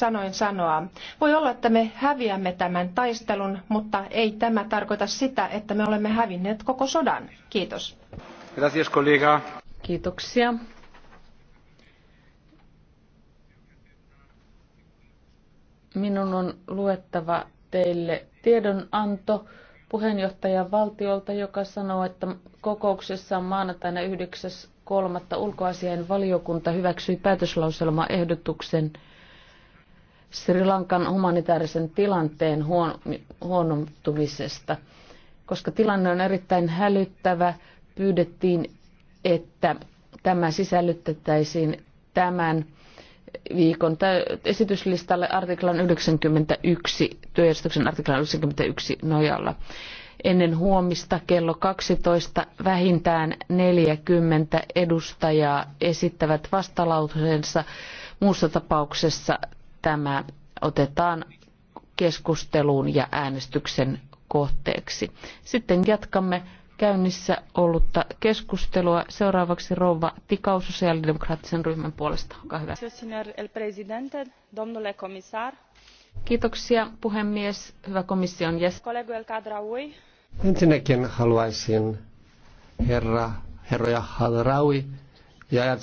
sanoin sanoa. Voi olla, että me häviämme tämän taistelun, mutta ei tämä tarkoita sitä, että me olemme hävinneet koko sodan. Kiitos. Gracias, Kiitoksia. Minun on luettava teille tiedonanto puheenjohtajan valtiolta, joka sanoo, että kokouksessaan maanantaina 9.3. ulkoasian valiokunta hyväksyi päätöslauselmaehdotuksen ehdotuksen Sri Lankan humanitaarisen tilanteen huonontumisesta. Koska tilanne on erittäin hälyttävä, pyydettiin, että tämä sisällyttäisiin tämän viikon esityslistalle artiklan 91, työjärjestyksen artiklan 91 nojalla. Ennen huomista kello 12 vähintään 40 edustajaa esittävät vastalauseensa. Muussa tapauksessa tämä otetaan keskusteluun ja äänestyksen kohteeksi. Sitten jatkamme käynnissä ollutta keskustelua. Seuraavaksi rouva Tikau sosiaalidemokraattisen ryhmän puolesta. Olkaa hyvä. Kiitoksia puhemies, hyvä komission jäsen. Ensinnäkin haluaisin herra, herroja Hadraui ja